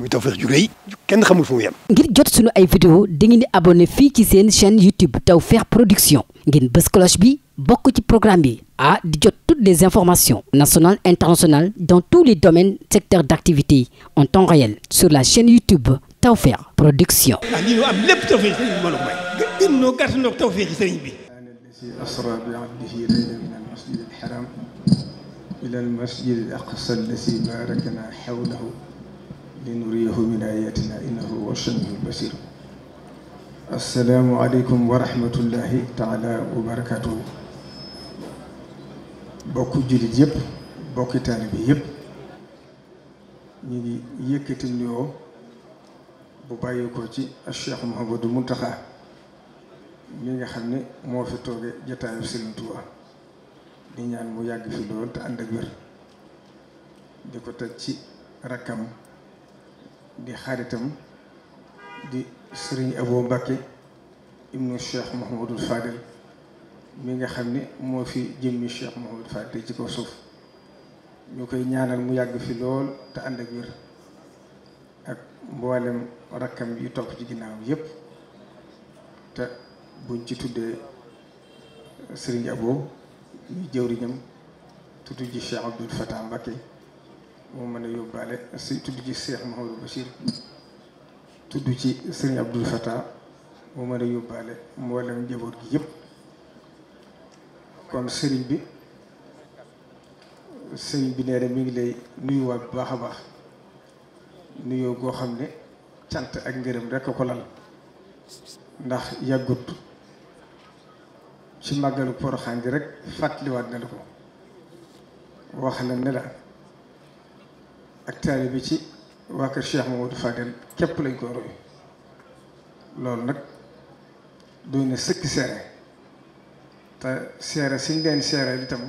muy Tawfekh ju rëy kenn xamul fu mu yem. ngir jot sunu ay vidéo dangeen di abonné fii ci seen chaîne YouTube Tawfekh Production ngeen bës bi bokk ci programme bi ah di jot toutes des informations national internationales dans tous les domaines secteurs d'activité en temps réel sur la chaîne YouTube Tawfekh Production. ah lii ñu am lépp Tawfekh sëriñ bi mbooloo mooy. gën gën ñoo gàtt ñoo Tawfekh sëriñ bi. إلى المسجد الأقصى الذي باركنا حوله linuriyahu min ayatina innahu huwa samiu basir assalaamu aleykum wa rahmatullahi taala bokk jullit yëpp bokki taalibe yépp ñu ngi yëkkati nuyoo bu bàyyi ko ci Cheikh Mouhamadou Mountakha mi nga xam ni moo fi tooge jataayu Serigne di ñaan mu yàgg fi lool te ànd ak di ko teg ci rakkam di xaritam di sëriñ Abo Mbacke ibnu Cheikh Mouhamadul Fadel mi nga xam ni moo fi jëmmi Cheikh Mouhamadul Fadel ci kaw suuf ñu koy ñaanal mu yàgg fi lool te ànd ak ak mboolem rakkam yi topp ci ginnaaw yépp te buñ ci tuddee sëriñ Abo muy jëwriñam tudd ji Cheikh Abdoul Fatah Mbacke moo mën a yóbbaale si tudd ci Cheikh Mouhamadou Bachir tudd ci Serigne Abdoul Fattah moo mën a yóbbaale mboolem njaboot gi yëpp kon Serigne bi Serigne bi nee na mi ngi lay nuyuwaat bu baax a baax goo xam ne cant ak ngërëm rekk a ko lal ndax yàggut ci màggalu Poroxaan gi rek fàttaliwaat na la ko wax na ne ak taalibe bi ci waa kër Cheikh Mamadou Fadel képp lañ koy roy loolu nag doy na sëkki seere te seere siñ leen seere di itam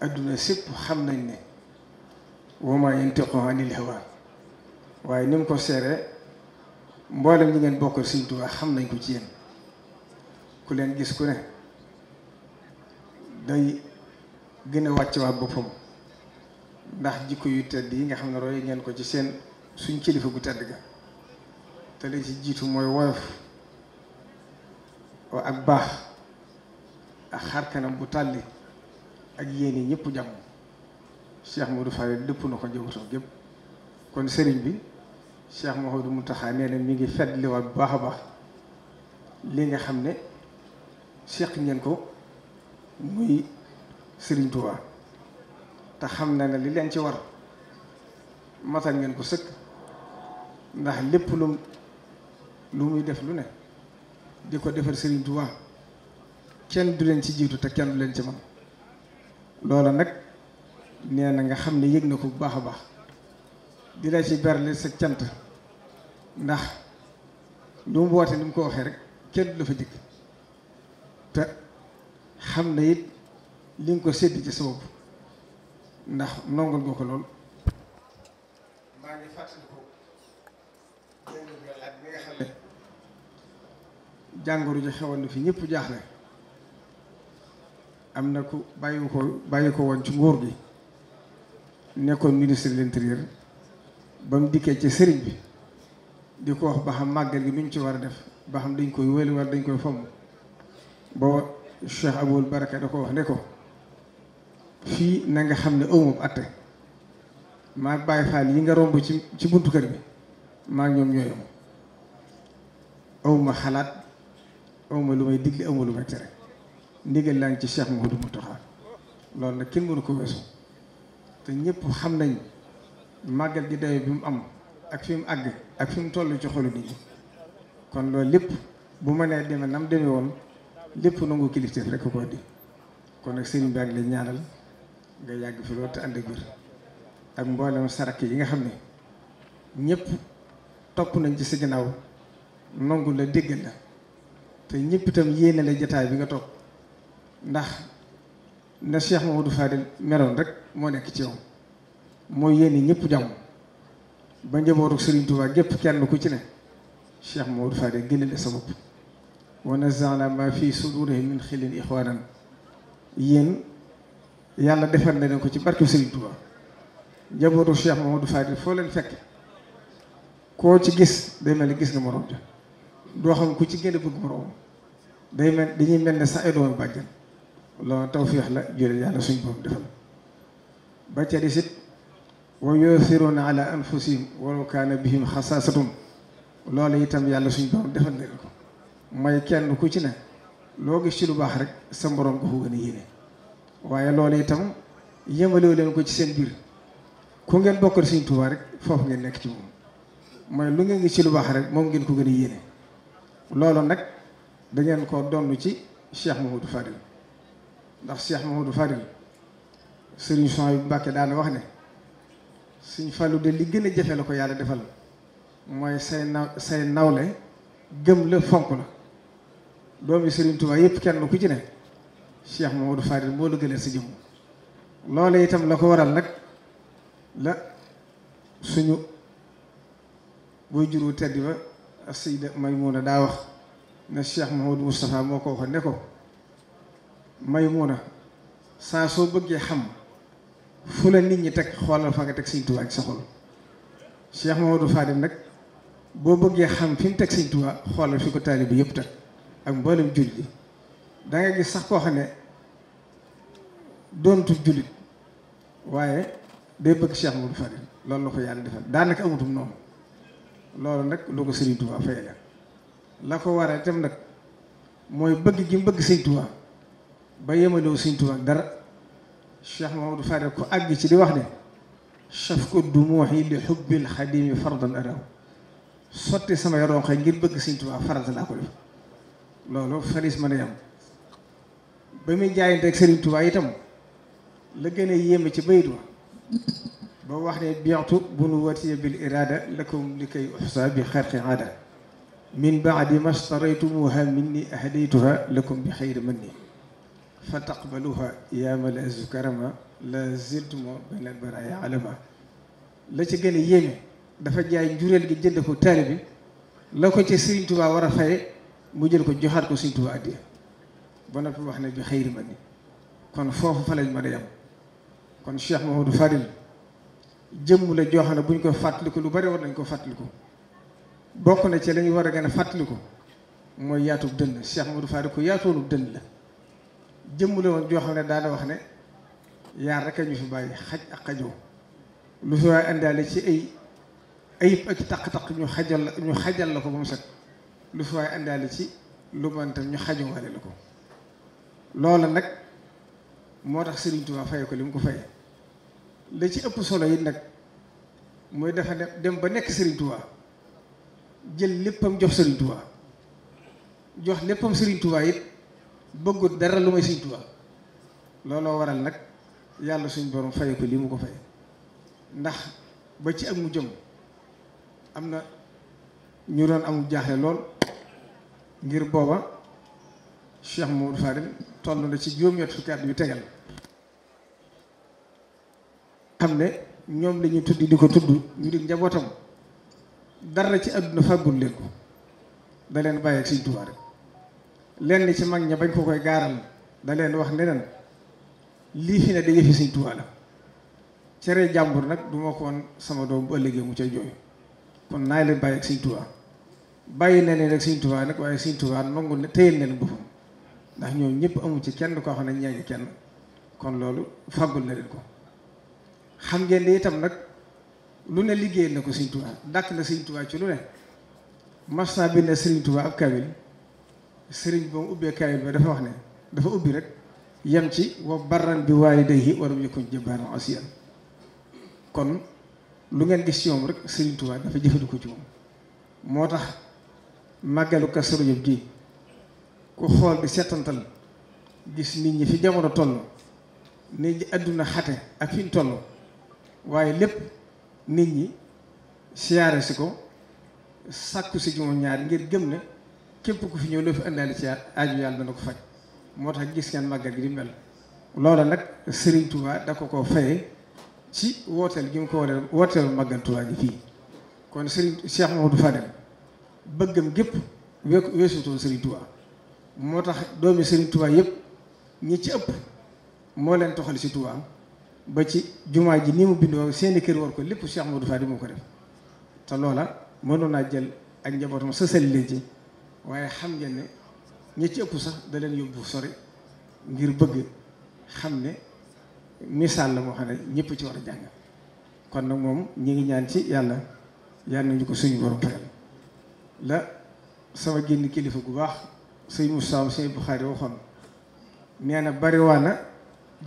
adduna sépp xam nañ ni wama yantiqu anil hawa waaye ni mu ko seere mboolem ñi ngeen bokkal Sëriñ Tuubaa xam nañ ko ci yéen ku leen gis ku ne day gën a wàcc waa boppam ndax jikko yu tedd yi nga xam ne roy ngeen ko ci seen suñ kilifa gu tedd ga te li ci jiitu mooy woyof ak baax ak kanam bu tàlli ak yéene ñëpp jàmm Cheikh Modou Fall dëpp na ko njabootam gépp kon sëriñ bi Cheikh Mouhamadou mu nee na mi ngi fàttaliwaat bu baax a baax li nga xam ne seq ngeen ko muy sëriñ Touba. te xam na ne li leen ci war matal ngeen ko sëkk ndax lépp lu lu muy def lu ne di ko defal Serigne Touba kenn du leen ci jiitu te kenn du leen ci man loola nag nee na nga xam ne yëg na ko bu baax a baax di la ci berle sa cant ndax lu mu woote ni mu ko waxee rek kenn du la fa jëkk te xam na it li nga ko sédd ci sa bopp ndax nongul nga ko lool maa ngi fàttaliku démb bi ji xewoon na fi ñëpp jaaxle am na ku bàyyi ko bàyyi ko woon ci nguur gi nekkoon ministre de l'intérieur ba mu dikkee ci sëriñ bi di ko wax ba xam màggal gi nuñ ci war a def ba xam dañ koy wéli dañ koy fomm boo Cheikh Aboul Baraka da ko wax ne ko fii nanga xam ne aw atte maa bàyyi faal yi nga romb ci ci buntu kër bi maa ñoom ñooyam awma xalaat awma lu may digle awma lu may tere ndigal laa ngi ci Cheikh Mouhamadou Mountakha loolu nag kenn mënu ko weesu te ñëpp xam nañ màggal gi dayo bi mu am ak fi mu àgg ak fi mu toll ci xolu nit kon loolu lépp bu ma nee demee nam demee woon lépp nangu kilifteef rekk ko di kon nag sëriñ bi ak la ñaanal nga yàgg fi loolu te ànd ak wér ak mboolem sarak yi nga xam ne ñëpp topp nañ ci sa ginnaaw nongu la déggal la te ñëpp itam yéene la jataay bi nga toog ndax na Cheikh Mamadou Fadil meroon rek moo nekk ci yow mooy yéene ñëpp jàmm ba njabootu Serigne Touba gépp kenn ku ci ne Cheikh Mamadou Fadil génne la sa bopp wa nazaana ma fi sudurihim min xilin ixwanan yéen yàlla defal na leen ko ci barke Serigne Touba njabootu Cheikh Mamadou Fadil foo leen fekk koo ci gis day mel ni gis nga morom ja doo xam ku ci gën a bëgg morom day mel dañuy mel ni sax ay doomu bàjjan loolu tawféex la jëlee yàlla suñ borom defal ba ca des it wa yu'thiruuna ala anfusihim walaw yàlla suñ borom defal na leen ko mooy kenn ku ci ne loo gis ci lu baax rek sa morom ko gën a yéene. waaye loolu itam yëngalewu leen ko ci seen biir ku ngeen bokkal Sëriñ Tuubaa rek foofu ngeen nekk ci moom mooy lu ngeen ngi ci lu baax rek moom ngeen ko gën a yéene loolu nag ngeen ko donn ci Cheikh Mahoudou Fadil ndax Cheikh Mahoudou yi Sëriñ Souhaïbou Mbacké daana wax ne Sëriñ Fallu de li gën a jafe la ko yàlla defal mooy say naw say nawle gëm la fonk la doomi Sëriñ Tuubaa yëpp kenn ku ci ne Cheikh Mamadou Fadil moo la gënal si jëmm loole itam la ko waral nag la suñu booy juru tedd ba Sayda Maymuna daa wax ne Cheikh Mamadou Moustapha moo ko waxoon ne ko Maymuna saa soo bëggee xam fu la nit ñi teg xoolal fa nga teg Sëñ Tuubaa ak sa xol Cheikh Mamadou Fadil nag boo bëggee xam fi mu teg Sëñ Tuubaa xoolal fi ko taalibe yëpp teg ak mboolem jullit yi da gis sax koo xam ne doontu jullit waaye day bëgg Cheikh Modou Fadil loolu la ko yàlla defal daanaka amatum noonu loolu nag loo ko Sëriñ Tuubaa fayale la ko waree itam nag mooy bëgg gi mu bëgg ba yemalewu Sëriñ Tuubaa ak dara Cheikh Modou Fadil ku àgg ci di wax ne shafqu dumuuhi li hubbil xadimi fardan araw sotti sama yoronxee ngir bëgg Sëriñ Tuubaa farata laa ko def loolu faris mën a yam ba muy jaayante ak Serigne Touba itam la gën a yéeme ci bayit ba wax ne bientu bu nu watiye bil irada lakum li kay uxsa bi xarqi aada min baadi ma staraytumuha minni ahdaytuha lakum bi xayri manni fa taqbaluha yaa malazu karama la ziltumo benn baraya alama la ci gën a yéeme dafa jaay njureel gi jënd ko taali la ko ci Serigne Touba war mu jël ko joxaat ko ba noppi wax ne bi xëyri ma ni kon foofu fa lañ mën a yem kon Cheikh Mamadou Fadil jëmm la joo xam ne buñ ko fàttaliku lu bari war nañ ko fàttaliku bokk na ci la war a gën a fàttaliku mooy yaatub dënn Cheikh Mamadou Fadil ku yaatoonub dënn la jëmm la woon joo xam ne daana wax ne yaar rek a ñu fi bàyyi xaj ak lu fi waay indaale ci ay ayib ak taq ñu xajal ñu xajal la ko ba set lu fi waay indaale ci lu mantam ñu xajowaale la ko loola nag moo tax Sëriñ Tuubaa ko li mu ko fay la ci ëpp solo yi nag mooy dafa dem ba nekk Sëriñ jël léppam jox Sëriñ jox léppam Sëriñ Tuubaa bëggut dara lu may Sëriñ Tuubaa looloo waral nag yàlla suñ borom fay ko li mu ko fay ndax ba ci ak mu jëm am na ñu doon amul jaaxle lool ngir booba Cheikh Mouhamadou Fadil toll na ci juróom-ñett fukki yu tegal xam ne ñoom la ñuy tudd di ko tudd ñu di njabootam dara ci àdduna fàggul leen ko da leen bàyyi ak Sëriñ Tuubaa rek lenn ci mag ña bañ ko gaaral da leen wax neneen lii fi ne da yëfi cere jàmbur nag du ma sama doom bu ëllëgee mu cay jooy kon naa leen bàyyi ak Sëriñ Tuubaa bàyyi na leen ak Sëriñ Tuubaa nag waaye Sëriñ Tuubaa nangu ne leen boppam ndax ñoo ñëpp amul ci kenn koo xam ne ñaa ngi kenn kon loolu fàggul na leen ko xam ngeen ne itam nag lu ne liggéey na ko Sëriñ Tuubaa dàkk na Sëriñ Tuubaa ci lu ne mas naa bi ne Sëriñ Tuubaa ab kawil sëriñ ba mu ubbee kawil ba dafa wax ne dafa ubbi rek yem ci wa barran bi waalidayhi walam yakun jabbaaran asiyan kon lu ngeen gis ci moom rek Sëriñ Tuubaa dafa jëfandiku ci moom moo tax màggalu Kazu Rajab ji ku xool di seetantal gis nit ñi fi jamono toll nit ñi àdduna xate ak fi ñu toll waaye lépp nit ñi siyaare si ko sàkku si juróom ñaar ngir gëm ne képp ku fi ñëw loo fi àndaale ci aju yàlla dana ko faj moo tax gis ngeen màggal gi di mel loola nag Serigne Touba da ko ko faye ci wooteel gi mu ko wooteel wooteel màggal Touba gi fii kon Serigne Cheikh Mamadou Fadel bëggam gépp weesutoon Serigne Touba moo tax doomi Serigne Touba yëpp ñi ci ëpp moo leen toxal si Touba ba ci jumaa ji ni mu bindoo seeni kër war ko lépp Cheikh Modou Fadi moo ko def te loola mënoon naa jël ak njabootam sësal leen ci waaye xam ngeen ne ñi ci ëpp sax da leen yóbbu sori ngir bëgg xam ne misaal la moo xam ne ñëpp ci war a jàng kon nag moom ñi ngi ñaan ci yàlla yàlla nañu ko suñu borom tegal la sama génn kilifa gu baax. sëñ Moussa sëñ Buxaari waxoon nee na bariwaa na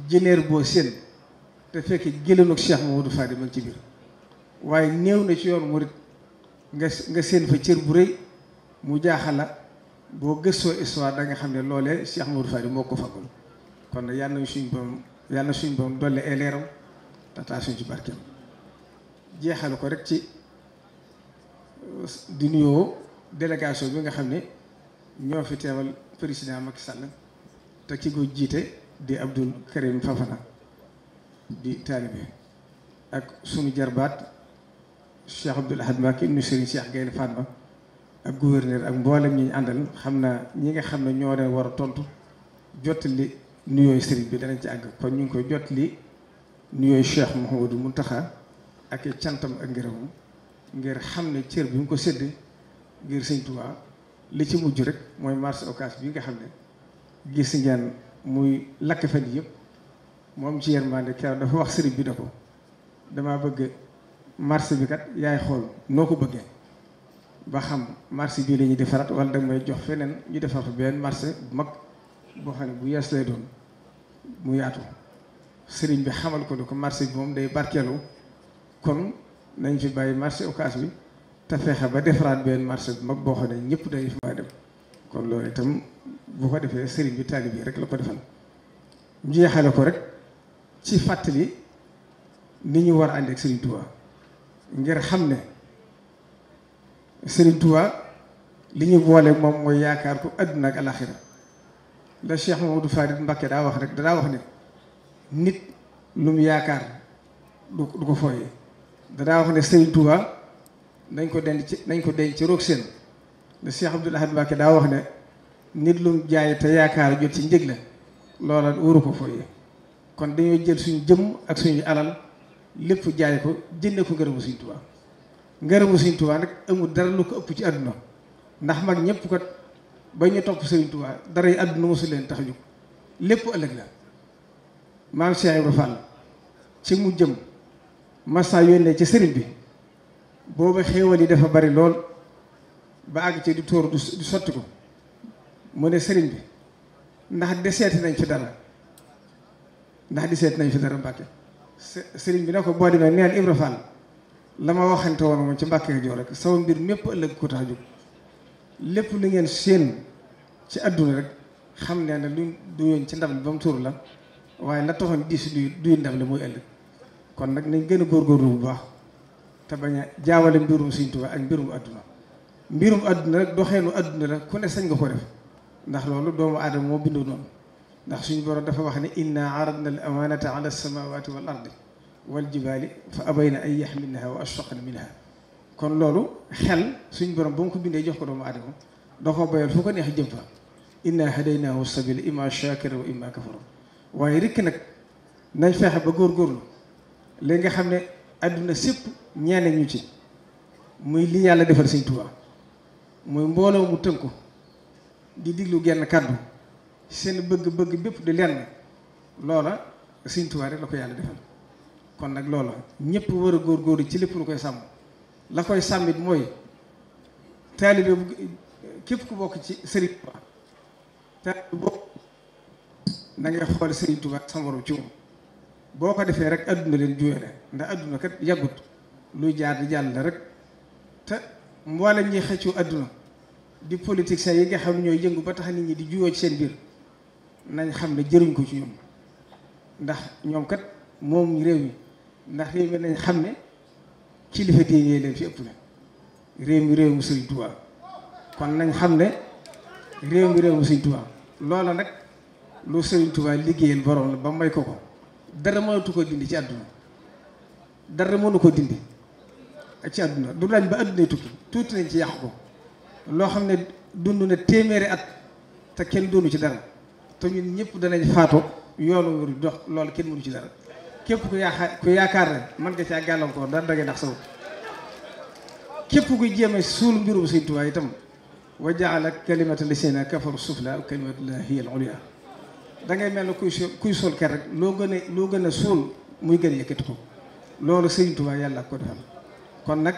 jëneer boo seen te fekk gëlanu Cheikh Mamadou Fadi ma ngi ci biir waaye néew na ci yoon mu nga nga seen fa cër bu rëy mu jaaxala boo gëstoo histoire da nga xam ne loolee Cheikh Mamadou Fadi moo ko fa kon yàlla na suñ borom yàlla na suñ borom dolli ay leeram tataa ci barkeem jeexal ko rek ci di nuyoo délégation bi nga xam ne. ñoo fi teebal président Macky Sall te ki ko jiite di Abdoul Karim Fafana di taalibe ak sunu jarbaat Cheikh Abdoul Ahad Mbacké ibnu Serigne Cheikh Gaynde Fatma ak gouverneur ak mboolem ñi ñu àndal xam naa ñi nga xam ne ñoo leen war a tontu jottali nuyooyu Serigne bi danañ ci àgg kon ñu ngi koy jottali nuyooyu Cheikh Mouhamadou Mountakha ak cantam ak ngërëmam ngir xam ne cër bi mu ko sedd ngir Sëñ Tuubaa li ci mujj rek mooy marché Ocass bi nga xam ne gis ngeen muy lakk fan yëpp moom ci yërmande keroog dafa wax sëriñ bi ne ko damaa bëgg marché bi kat yaay xool noo ko bëggee ba xam marché bii lañuy ñuy defaraat wala danga may jox feneen ñu defar fa benn marché bu mag boo xam ne bu yees lay doon mu yaatu sëriñ bi xamal ko ne ko marché bi moom day barkeelu kon nañ fi bàyyi marché Ocass bi te fexe ba defaraat benn marché bu mag boo xam ne ñëpp day fa maa dem kon loolu itam boo ko defee sëriñ bi taalib yi rek la ko defal ko rek ci fàttali ni ñu war a ngir xam ne sëriñ Touba li ñuy boole moom mooy yaakaar ko àdduna ak alaxira la Cheikh Mamadou Farid Mbacké daa wax rek danaa wax ne nit lu yaakaar du ko fooyee danaa wax ne sëriñ Touba. nañ ko dend ci nañ ko denc ci roog seen de Cheikh Abdoul Ahad Mbacké daa wax ne nit lum jaay te yaakaar jot ci njëg la loola wóoru ko fooy kon dañoo jël suñu jëm ak suñu alal lépp jaay ko jënde ko ngërëmu Sëriñ Tuubaa ngërëmu Sëriñ Tuubaa nag amul dara lu ko ëpp ci àdduna ndax mag ñëpp ko ba ñu topp Sëriñ Tuubaa dara yi àdduna mosu leen tax a lépp ëllëg la maam Cheikh Ibra Fall ci mu jëm massa yónnee ci sëriñ bi booba xéewal yi dafa bari lool ba àgg ci di tóor du sotti ko mu ne sëriñ bi ndax seet nañ fi dara ndax di seet nañ fi dara Mbàkke sëriñ bi ne ko boo demee neel Ibra Fall la ma waxante woon moom ci Mbàkke Kajoor rek sama mbir mépp ëllëg ko tax jóg lépp lu ngeen séen ci àdduna rek xam ne ne luñ du ci ndab li ba mu la waaye la taxoon diis duy duy ndab li muy kon nag nañ gën a góorgóorlu bu baax te bañ a jaawale mbirum Sëriñ Tuubaa ak mbirum adduna mbirum adduna rek doxeenu adduna la ku ne sañ nga ko def ndax loolu doomu aadama moo bindoo noonu ndax suñu borom dafa wax ne inna aradna al amanata ala samawati wal ardi wal jibali fa abayna an yaxmilnaha wa ashfaqna minha kon loolu xel suñu borom ba mu ko bindee jox ko doomu aadama da koo bayal fu ko neex jëm fa inna hadaynahu sabila imma shakira wa imma kafura waaye rikk nag nañ fexe ba góorgóorlu li nga xam ne àdduna sépp ñaane ñu ci muy li yàlla defal sëñ Tuubaa muy mbooloo mu tënku di diglu genn kàddu seen bëgg-bëgg bépp di lenn loola sëñ Tuubaa rek la ko yàlla defal kon nag loola ñëpp war a góor góorgóorlu ci lépp lu koy sàmm la koy sàmmit mooy taalibe képp ku bokk ci sëriñ Tuubaa taalibe bokk na ngay xool sëriñ Tuubaa sa morom ci moom boo ko defee rek adduna leen juwele ndax adduna kat yàggut luy jaar di jàll la rek te mboolem ñi xëccoo adduna di politiciens yi nga xam ñooy yëngu ba tax nit ñi di juwoo ci seen biir nañ xam ne jëruñ ko ci ñoom ndax ñoom kat moom réew mi ndax réew mi nañ xam ne kilifa diine leen fi ëpp na réew mi réew mu Sëriñ kon nañ xam ne réew mi réew mu Sëriñ loola nag lu Sëriñ Tuubaa liggéeyal borom la ba may ko ko dara mënatu ko dindi ci àdduna dara mënu ko dindi ci àdduna du laaj ba àdduna tukki tuuti nañ ci yàqu ko loo xam ne dund na téeméeri at te kenn doonu ci dara te ñun ñëpp danañ faatoo yoonu wër dox loolu kenn mënu ci dara képp ku yaakaar ku yaakaar ne mën nga caa gàllankoor daan dagay ndax saw képp ku jéeme suul mbirum Sëñ Tuubaa itam wa jaala kalimata lisina kafaru sufla kalimatullahi hiya al-ulya da ngay mel ne kuy suul kuy suul rek loo gën a loo gën a suul muy gën a yëkkati ko loolu Sëriñ Tuubaa yàlla ko defal kon nag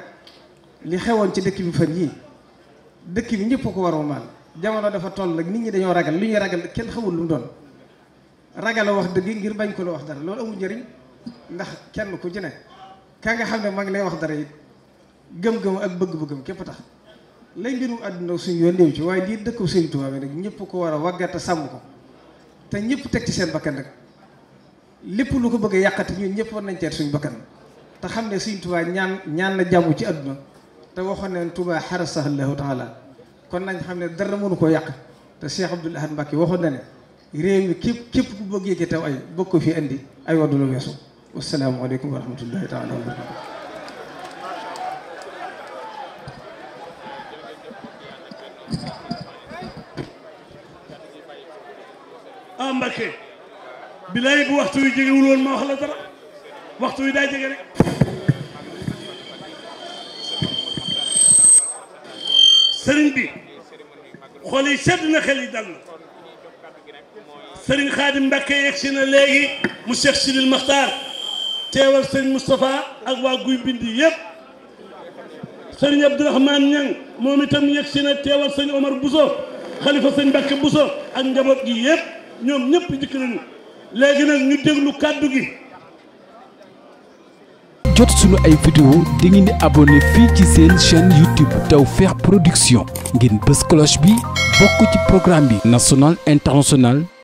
li xewoon ci dëkk bi fan yii dëkk bi ñëpp ko war a maal jamono dafa toll nag nit ñi dañoo ragal lu ñuy ragal kenn xamul lu doon ragal wax dëgg ngir bañ ko la wax dara loolu amul njëriñ ndax kenn ku ci ne ka xam ne mag lay wax dara it gëm-gëm ak bëgg-bëggam képp tax lay mbirum àdduna suñu yoon néew ci waaye lii dëkku Sëriñ Tuubaa bi nag ñëpp ko war a wàggat a sàmm ko. te ñëpp teg ci seen bakkan rek lépp lu ko bëgg a yàqati ñun ñëpp war nañ teet suñ bakkan te xam ne suñ tubaa ñaan ñaan na jàmm ci àdduna te waxoon ne tubaa xarasaha allahu taala kon nañ xam ne dara mënu koo yàq te Cheikh Abdoul Ahad Mbacké waxoon na ne réew mi képp képp ku bëggee ci taw ay bëgg ko fi indi ay waddu lu weesu wasalaamualeykum wa rahmatullahi taala wa barakatu Mbàkke bilaay bu waxtu wi jegewul woon ma wax la dara waxtu wi daa jege rek sëriñ bi xool yi sedd na xel yi dal na sëriñ Xaadim Mbàkke yegsi na léegi mu Cheikh Sidil Maxtaar teewal sëriñ Moustapha ak waa guy bindi yëpp sëriñ Abdourahmane Ñang moom itam yegsi na teewal sëriñ Omar Bousso xalifa sëriñ Mbàkke Bousso ak njaboot gi yëpp ñoom ñëpp léegi nag ñu déglu jot suñu ay vidéo di ngeen di abonné fii ci seen chaîne YouTube Tawfekh Production ngeen bës cloche bi bokk ci programme bi national international.